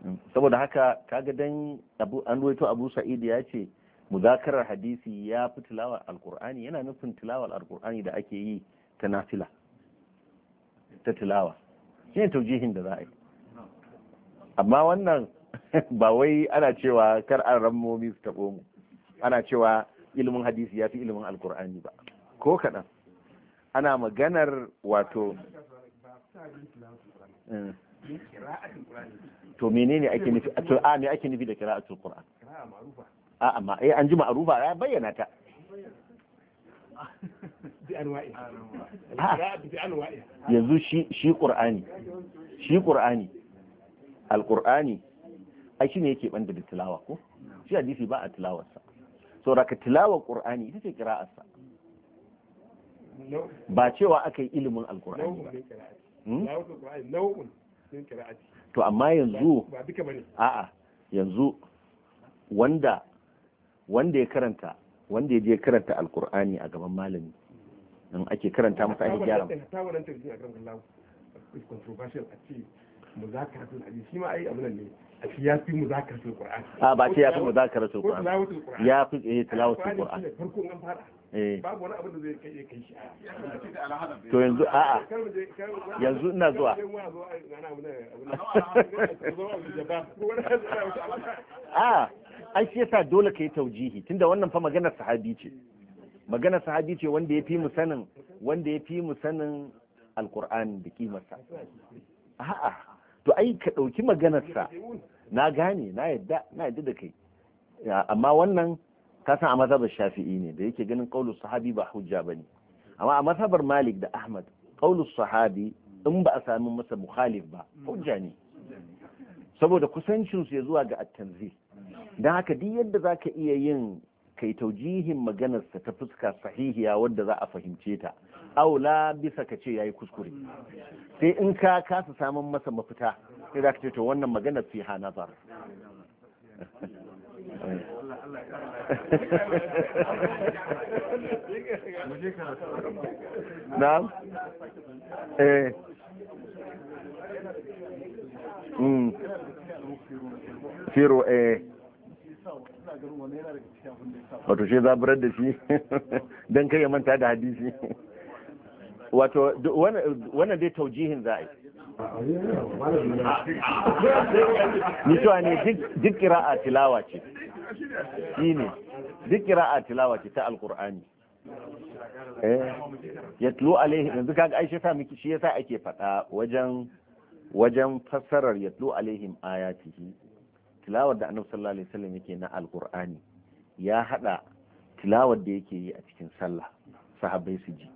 hmm? saboda haka kaga dan abu an ruwaito abu sa'id ya ce muzakarar hadisi ya fi tilawar alkur'ani yana nufin tilawar alkur'ani da ake yi ta nafila ta tilawa shi ne taujihin da za a yi amma wannan ba wai ana cewa kar an rammomi su taɓo mu ana cewa ilimin hadisi ya fi ilimin alkur'ani ba ko kaɗan ana maganar wato eh, to menene ake nufi to a me ake nufi da qira'atul qur'an a amma eh an ji ma'rufa ya bayyana ta yanzu shi ƙur'ani shi ƙur'ani alƙur'ani ai shi ne yake ɓanda da tilawa ko shi hadisi ba a tilawarsa saura ka tilawar ƙur'ani ita ce kira'arsa ba cewa aka yi ilimin alƙur'ani ba hmm? to amma yanzu a'a yanzu wanda ya karanta wanda ya je karanta alƙur'ani a gaban malami in ake karanta masa ake gyara ya fi mu za muzakaratul Qur'an a ba ce ya fi mu za ka rasu Qur'an ya fi eh tilawatul Qur'an farko an fara babu wani abin da zai kai kai shi to yanzu a a yanzu ina zuwa a ai shi yasa dole ka yi taujihi tunda wannan fa maganar sahabi ce magana sahabi ce wanda ya fi mu sanin wanda ya fi mu sanin alkur'ani da kimarsa a'a to ai ka ɗauki maganarsa na gane na yadda na yadda da kai amma wannan ka san a mazhabar shafi'i ne da yake ganin qaulus sahabi ba hujja bane amma a mazhabar malik da ahmad qaulus sahabi in ba a sami masa mukhalif ba hujja ne saboda kusancin su ya zuwa ga at-tanzil dan haka duk yadda zaka iya yin kai taujihin maganarsa ta fuska sahihiya wadda za a fahimce ta aula bisa ka ce yayi kuskure sai in ka kasa samun masa mafita sai za ka ce to wannan magana fi nazar na'am eh mm. Firo, eh. da wato shi zaburar da shi don kai ya manta da hadisi wato wannan dai taujihin za a yi ni cewa ne duk a tilawa ce shi ne duk a tilawa ce ta alkur'ani eh, ya tulo alaihi yanzu kaga ai shi yasa miki shi yasa ake faɗa wajen wajen fassarar ya tulo alaihim ayatihi tilawar da annabi sallallahu alaihi wasallam yake na alqur'ani ya hada tilawar da yake yi a cikin sallah sahabbai su ji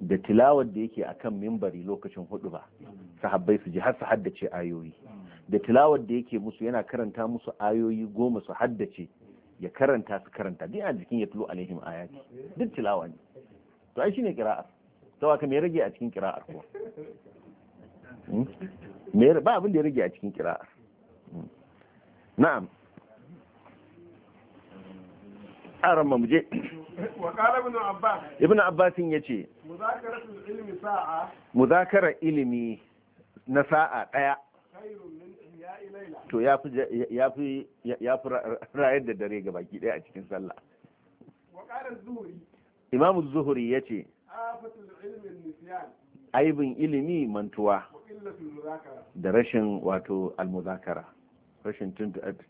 da tilawar da yake akan mimbari lokacin hudu ba sahabbai su ji har su haddace ayoyi da tilawar da yake musu yana karanta musu ayoyi goma su haddace ya karanta su karanta duk a jikin ya tulo alaihim ayati duk tilawa ne to ai shine qira'ar Sawa aka me rage a cikin kira'ar ko hmm? me ba abin da ya rage a cikin kira'ar. na'am a mu je ibn abbas yace muzakara ilimi na sa'a daya to ya fi rayar da dare ga baki ɗaya a cikin sallah imam zuhuri ya ce aibin ilimi mantuwa da rashin wato almuzakara rashin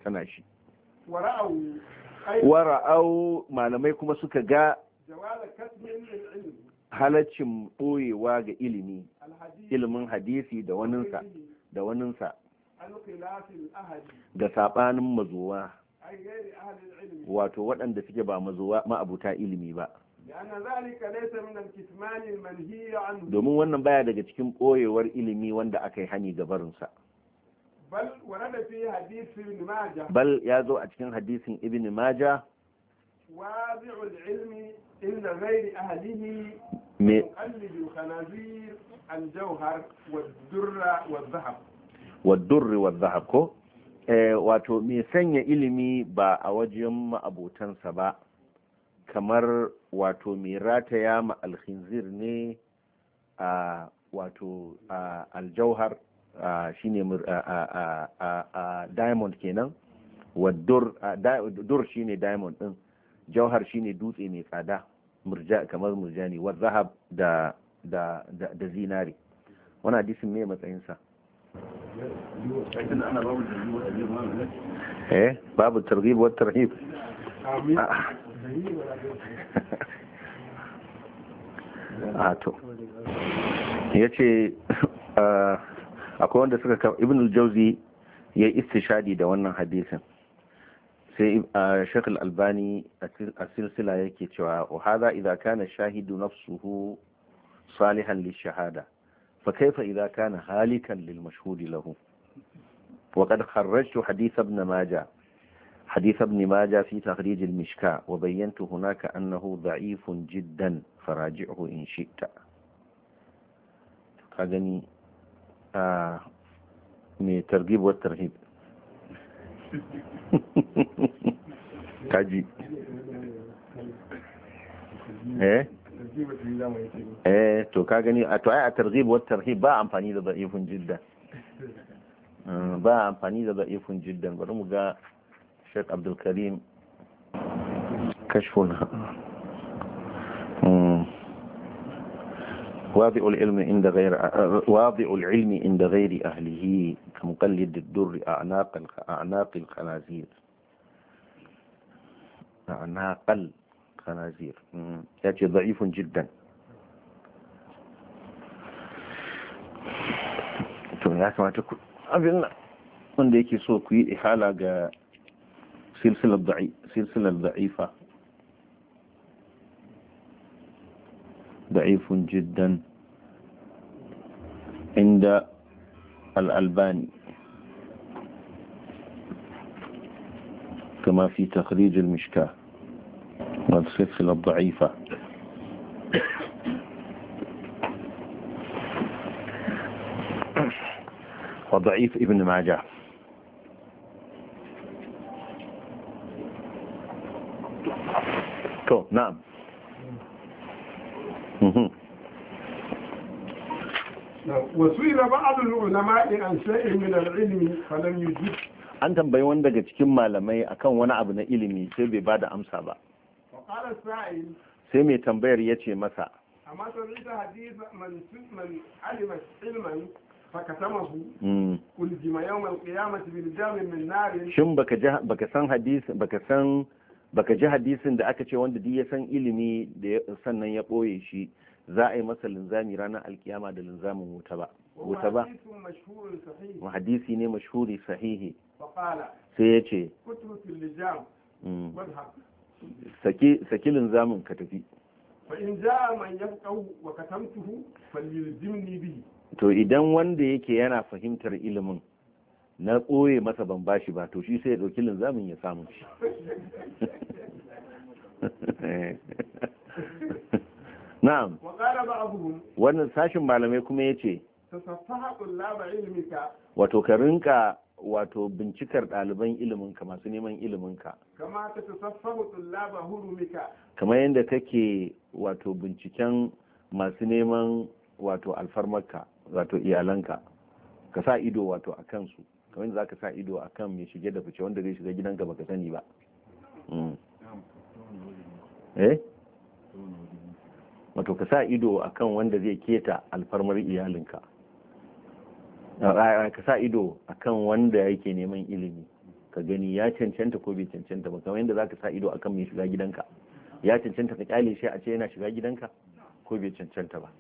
tana shi wara'au malamai kuma suka ga halaccin ɓoyewa ga ilimi ilimin hadisi da waninsa da waninsa ga saɓanin mazuwa wato waɗanda suke ba mazuwa ma'abuta ilimi ba domin wannan baya daga cikin ɓoyewar ilimi wanda aka yi hani ga barinsa bal ya zo a cikin hadisin ibn majah wazi'ul ilmi inda ghairi ahlihi muqallidul khanazir al-jawhar durri wad ko eh, wato mai sanya ilimi ba a wajen ma'abotansa ba kamar wato mai rataya ma alkhinzir ne a wato aljauhar ne diamond kenan dur dur ne diamond din jauhar ne dutse mai tsada murja kamar murjani wa zahab da zinari wani hadisin mai matsayinsa. eh babu targhib wa tarhib a ah. ah, ya ce ah, akwai wanda suka kama ibn al-jawzi ya yi istishadi da wannan hadisin sai Sheikh al-Albani a silsila yake cewa wa hadha idza kana shahidu nafsuhu salihan li shahada fa kaifa idza kana halikan lil mashhudi lahu wa qad kharrajtu hadith ibn majah حديث ابن ماجه في تخريج المشكاة وبينت هناك أنه ضعيف جدا فراجعه إن شئت كذني mai targib wa tarhib kaji eh eh to ka gani a to ai a targhib wa tarhib ba amfani da da'ifun jidda ba amfani da da'ifun jiddan bari mu ga Sheikh Abdul Karim kashfun واضع العلم عند غير واضع العلم عند غير أهله كمقلد الدر أعناق أعناق الخنازير أعناق الخنازير يأتي ضعيف جدا ya kamata ku abin nan wanda yake so ku yi ihala ga silsilar da'ifa da'ifun jiddan عند الألباني كما في تخريج المشكاة والسلسلة الضعيفة وضعيف ابن ماجه نعم وسئل بعض العلماء عن شيء من العلم فلم يجب an tambayi wani daga cikin malamai akan wani abu na ilimi sai bai bada amsa ba sai mai tambayar yace masa amma to sabita hadith man man alima ilman fakatamahu kul hmm. jima yawm alqiyamah bil jami min nar shin baka baka san hadith baka san baka ji hadisin da aka ce wanda duk ya san ilimi da sannan ya boye shi za a yi masa linzami ranar alkiyama da linzamin wuta ba wuta ba Mahadisi ne mashhuri sahihi sai ya ce hmm. saki linzamin ka tafi to idan wanda yake yana fahimtar ilimin na ɓoye masa ban bashi ba to shi sai ya ɗauki linzamin ya samu shi eh. na'am wannan sashin malamai kuma ya ce wato ka rinka wato bincikar ɗaliban iliminka masu neman iliminka kamar yadda kake wato binciken masu neman wato alfarmarka wato iyalanka ka sa ido wato a kansu kamar yadda za ka sa ido a kan mai shige da fice wanda zai shiga gidanka baka sani ba hmm. eh wato ka sa ido a kan wanda zai keta alfarmar iyalinka ka sa ido a kan wanda yake neman ilimi ka gani ya cancanta ko bai cancanta ba kamar yadda za ka sa ido a kan mai shiga gidanka ya cancanta ka kyale shi a ce yana shiga gidanka ko bai cancanta ba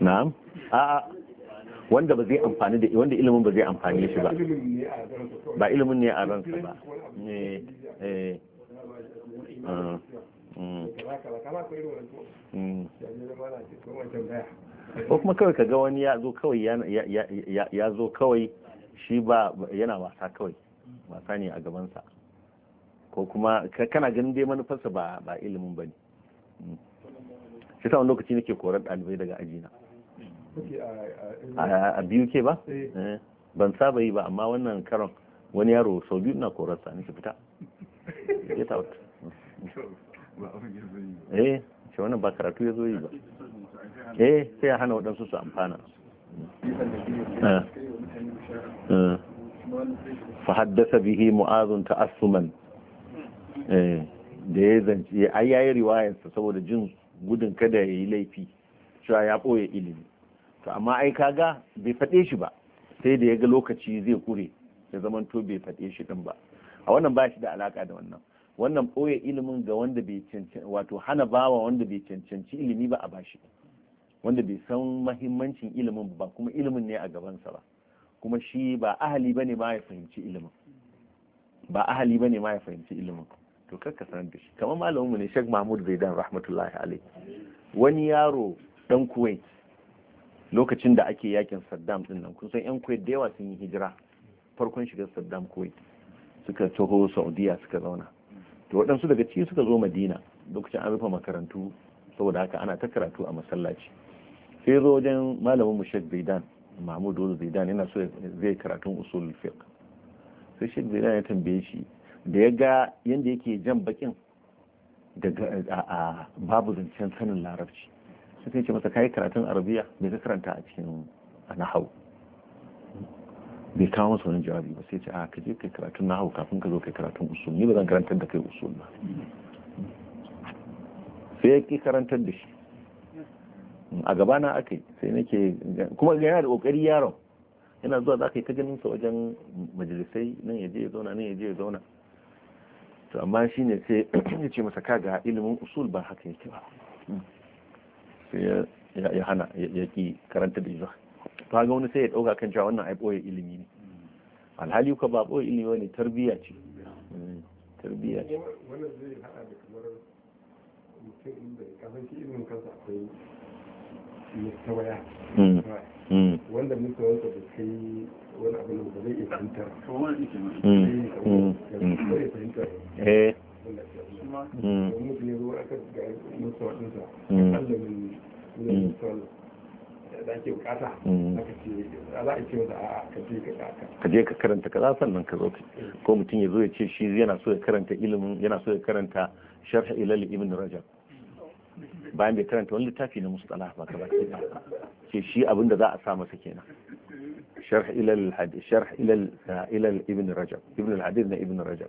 na'am a'a wanda ba zai amfani da wanda ilimin ba zai amfani shi ba ba ilimin ne a ransa ba eh, eh. ko kuma kawai ka ga wani ya zo kawai ya zo kawai shi ba yana wasa kawai wasa ne a gabansa ko kuma kana ganin dai manufarsa ba ilimin ba ne hmm. shi sa wani lokaci nake korar ɗalibai daga ajina a biyu ke ba eh. Eh. ban saba yi ba amma wannan karon wani yaro sau biyu na korarsa nake fita get out eh ce wannan ba karatu ya zo yi ba eh sai a hana waɗansu su amfana eh. fahaddasa bihi mu'azun ta'assuman da ya zance ai yayi riwayarsa saboda jin gudun kada ya yi laifi cewa ya ɓoye ilimi to amma ai kaga bai faɗe shi ba sai da ya ga lokaci zai kure ya zamanto bai faɗe shi din ba a wannan ba shi da alaka da wannan wannan ɓoye ilimin ga wanda bai cancanci wato hana bawa wanda bai cancanci ilimi ba a bashi wanda bai san mahimmancin ilimin ba kuma ilimin ne a gabansa ba kuma shi ba ahali bane ma ya fahimci ilimin ba ahali bane ma ya fahimci ilimin to kakka sanar da shi kamar malamin mu ne Sheikh Mahmud Zaidan rahmatullahi alaihi wani yaro dan Kuwait lokacin da ake yakin saddam din nan kusan yan kuwait da yawa sun yi hijira farkon shigar saddam kuwait suka taho saudiya suka zauna to waɗansu daga ciki suka zo madina lokacin an rufe makarantu saboda haka ana ta karatu a masallaci sai zo wajen malamin mu shek zaidan mahmud wani zaidan yana so zai karatun usul fiqh sai shek zaidan ya tambaye shi da ya ga yadda yake jan bakin daga babu zancen sanin larabci suka ce masa kayi karatun arabiya bai ka karanta a cikin nahau bai kawo masa wani jawabi ba sai ce a ah, kaje kai karatun nahau kafin ka zo kai karatun usul ni ba zan karantar da kai usul ba sai ya ki karantar da shi a gabana aka yi sai nake kuma yana da kokari yaron yana zuwa za ka yi ta ganin sa wajen majalisai nan ya je ya zauna nan ya je ya zauna to amma shine sai ya ce masa kaga ilimin usul ba haka yake ba sai ya hana ya ki karanta da zuwa to ga wani sai ya dauka kan cewa wannan ai boye ilimi ne alhali ko ba boye ilimi ne tarbiyya ce hmm, tarbiyya ce wannan zai hada da kamar mutum inda kasan shi ilimin kansa akwai ta hmm, hmm. wanda muka wanda da kai wani abin da zai iya fahimtar to ne ke mai zai fahimtar eh. ka je ka karanta ka za sannan ka zo ko mutum ya zo ya ce shi yana so ya karanta ilimin yana so ya karanta sharh ilal ibn rajab bayan bai karanta wani littafi na mustalah ba ka gaba ke ce shi abin da za a sa masa kenan sharh ilal hadith sharh ilal ibn rajab ibn al hadith na ibn rajab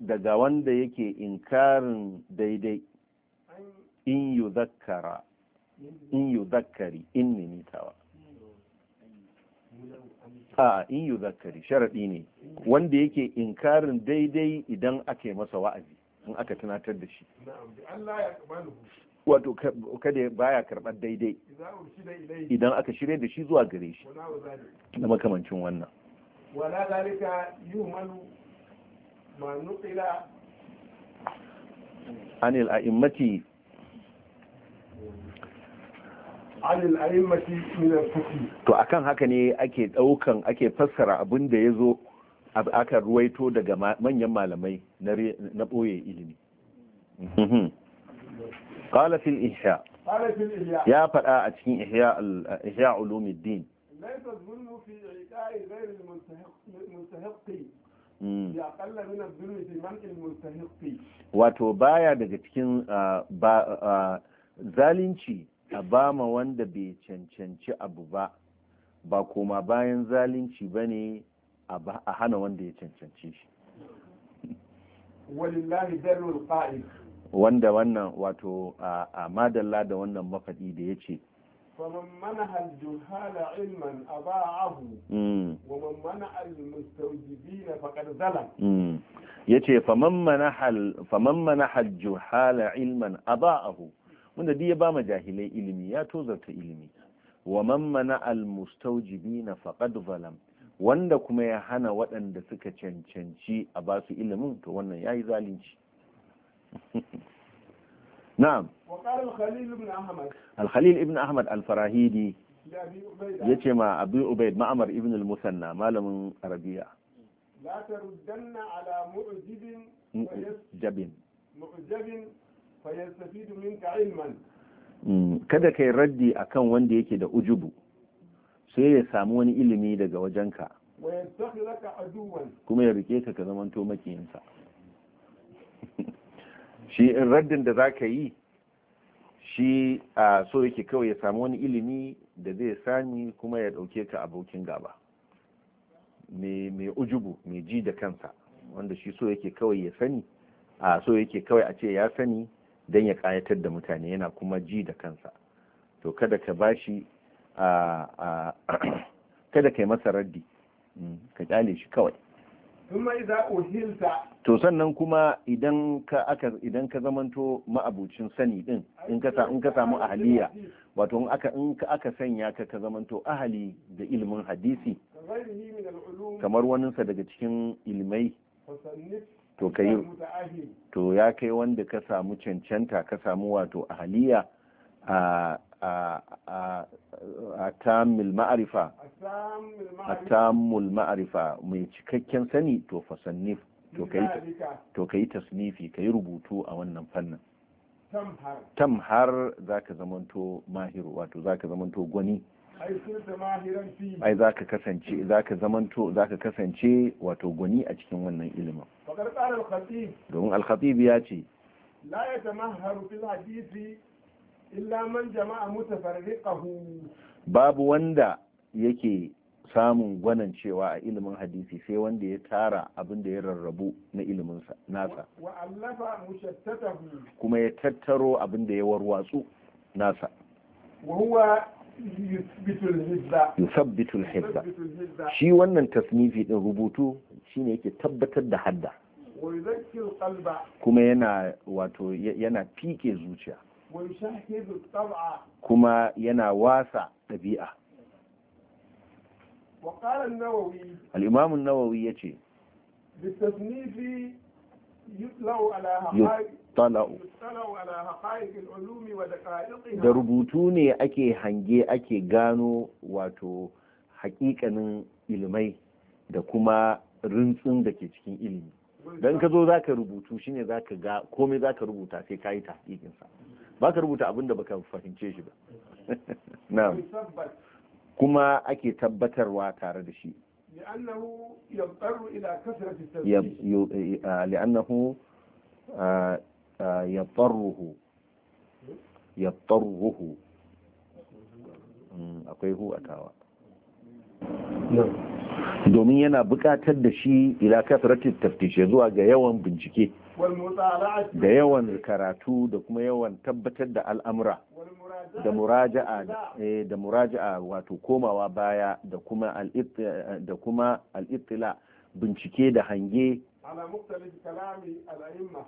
daga wanda yake inkarin daidai in yi zakara in yi zakari in nimitawa a in yi zakari sharaɗi ne wanda yake inkarin daidai idan aka yi masa wa'azi in aka tunatar da shi wato kada baya karɓar daidai idan aka shirya da shi zuwa gare shi na makamancin wannan wala zalika ما نقل عن الأئمة to akan haka ne ake daukan ake fassara abin da ya zo aka ruwaito daga manyan malamai na ɓoye ilimi mhm. qala fil ya faɗa a cikin ihya ihya ulumuddin laysa dhulmu fi iqa'i ghayr al-mustahiq Mm. wato baya daga cikin zalunci a bama wanda bai cancanci abu ba ba koma bayan zalunci ba ne a hana wanda ya cancanci shi wanda wannan wato a madalla da wannan mafaɗi da ya ce فمن منع الجهال علما أضاعه ومن منع المستوجبين فقد ظلم yace faman manaha juhala ilman ada'ahu wanda duk ya ba ma jahilai ilimi ya tozarta ilimi wa man mana al mustawjibina faqad zalam wanda kuma ya hana waɗanda suka cancanci a basu ilimin to wannan yayi zalunci na'am al ibn ahmad al-farahidi ya ce ma abu ubaid ma'amar ibn al-musanna malamin arabiya la taruddanna ala mu'jibin jabin mu'jabin kada kai raddi akan wanda yake da ujubu sai ya samu wani ilimi daga wajenka kuma ya rike ka ka zamanto makiyinsa shi in raddin da za ka yi shi a so yake kawai ya samu wani ilimi da zai sani kuma ya ɗauke ka abokin gaba mai ujubu mai ji da kansa wanda shi so yake kawai ya sani a so yake kawai a ce ya sani don ya kayatar da mutane yana kuma ji da kansa to kada ka bashi a kada ka yi masa raddi hmm, ka kyale shi kawai to sannan kuma idan ka aka idan ka zamanto ma'abucin sani din in ka in ka samu ahaliya wato in aka in aka sanya ka ka zamanto ahali da ilimin hadisi kamar sa daga cikin ilmai to kai to ya kai wanda ka samu cancanta ka samu wato ahaliya a atamil ma'arifa atamul ma'arifa mai cikakken sani to fasannif to ka yi tasnifi ka yi rubutu a wannan fannin tamhar za ka zamanto mahiru wato za ka zamanto gwani ai za ka kasance za ka zamanto za ka kasance wato gwani a cikin wannan ilimin domin al-khatib ya ce la yatamahharu fil illa man jama'a mutafarriqahu babu wanda yake samun gwanan cewa a ilimin hadisi sai wanda ya tara abin da ya rarrabu na ilimin nasa kuma ya tattaro abin da ya warwatsu nasa yusabbitul hizba shi wannan tasnifi din rubutu shine yake tabbatar da hadda kuma yana wato yana fike zuciya kuma yana wasa ɗabi'a al-imam an-nawawi yace bitasnifi da rubutu ne ake hange ake gano wato hakikanin ilmai da kuma rintsin da ke cikin ilimi Dan ka zo za ka rubutu shine za ka ga komai za ka rubuta sai ka yi tafiƙinsa ba ka rubuta abin da baka fahimce shi ba na'am kuma ake tabbatarwa tare da shi li'annahu yattarruhu yattarruhu akwai hu a tawa domin yana buƙatar da shi ila kasratit taftish zuwa ga yawan bincike da yawan karatu da kuma yawan tabbatar da al'amura da muraja'a eh, da wato komawa baya da kuma da bincike da hange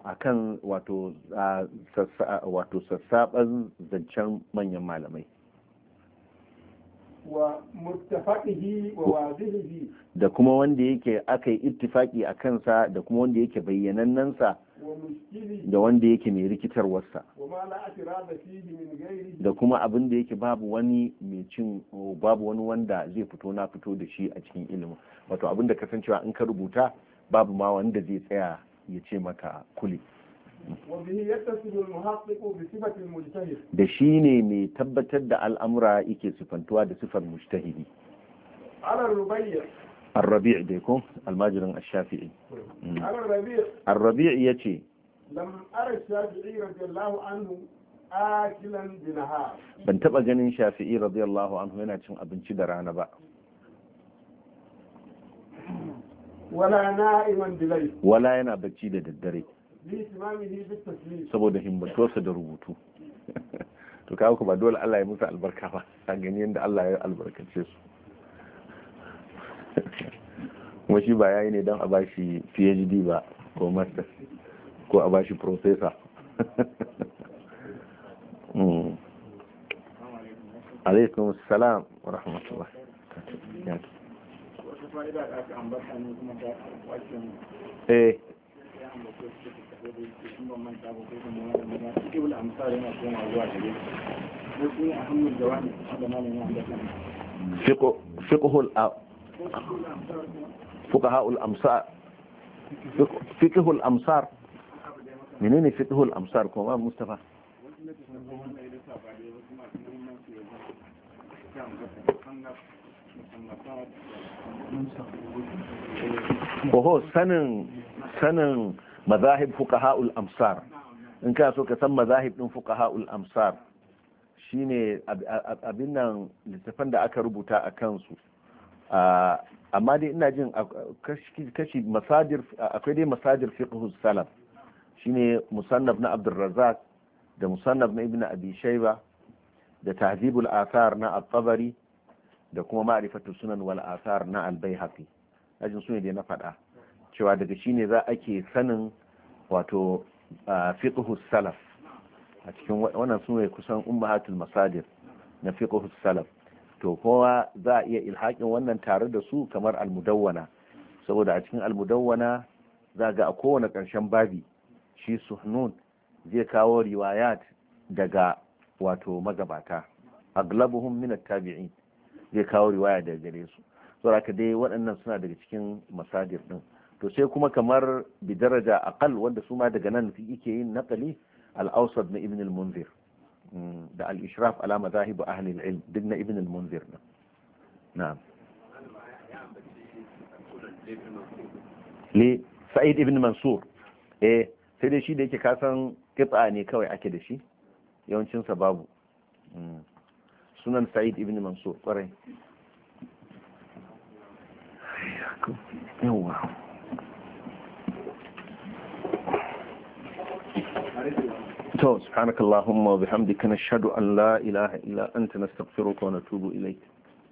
a kan wato sassaɓan zancen manyan malamai da kuma wanda yake aka yi ittifaki a kansa da kuma wanda yake bayyanannansa da wanda yake mai rikitarwarsa da kuma abin da yake babu wani mai cin babu wani wanda zai fito na fito da shi a cikin ilimin wato abin da kasancewa in ka rubuta babu ma wanda zai tsaya ya ce maka kuli da shi ne mai tabbatar da al'amura yake sifantuwa da sifar mujtahidi الربيع ديكو الماجر الشافعي الربيع الربيع يتي لم أرى الشافعي رضي الله عنه آكلا بنهار بن تبقى جنين رضي الله عنه هنا تشم أبن شدر أنا بقى ولا نائما بليل ولا ينا da daddare saboda himmatuwarsa da rubutu to kawo ku ba dole Allah ya musu albarka ba a gani yadda Allah ya albarkace su kuma shi ba ya yi ne don a ba shi PhD ba ko master ko a ba shi professor mm. alaikum salam wa rahmatullah eh فقه فقه فقهاء الامصار فقه الامصار منين فقه الامصار كما مصطفى وهو سنن سنن mazahib fuqaha'ul amsar in ka so ka san mazahib din fuqaha'ul amsar shine abin nan littafin da aka rubuta a kansu amma dai ina jin kashi masadir akwai dai masadir fiqh salaf shine musannaf na abdurrazzaq da musannaf na ibnu abi shayba da tahzibul athar na at-tabari da kuma ma'rifatu sunan wal athar na al bayhaqi ajin sune dai na faɗa cewa daga shi ne za ake sanin wato fiqhus salaf a cikin wannan su kusan ummahatul masadir na fiqhus salaf to kowa za a iya ilhakin wannan tare da su kamar almudawwana saboda a cikin almudawwana za ga a kowane ƙarshen babi shi suhnun zai kawo riwayat daga wato magabata aglabuhum min at-tabi'in zai kawo riwaya daga gare su saboda dai waɗannan suna daga cikin masadir ɗin. to sai kuma kamar bi daraja aqal wanda su ma daga nan yake yin naqali al-awsad na ibn al-munzir mm, da al-ishraf ala madahib ahli al-ilm duk na ibn al-munzir na na'am li sa'id ibn mansur eh sai dai shi da yake kasan kitsa ne kawai ake da shi yawancin sa babu mm. sunan sa'id ibn mansur kwarai yawa to subhanakallahumma wa bihamdika nashhadu an la ilaha illa anta nastaghfiruka wa natubu ilayk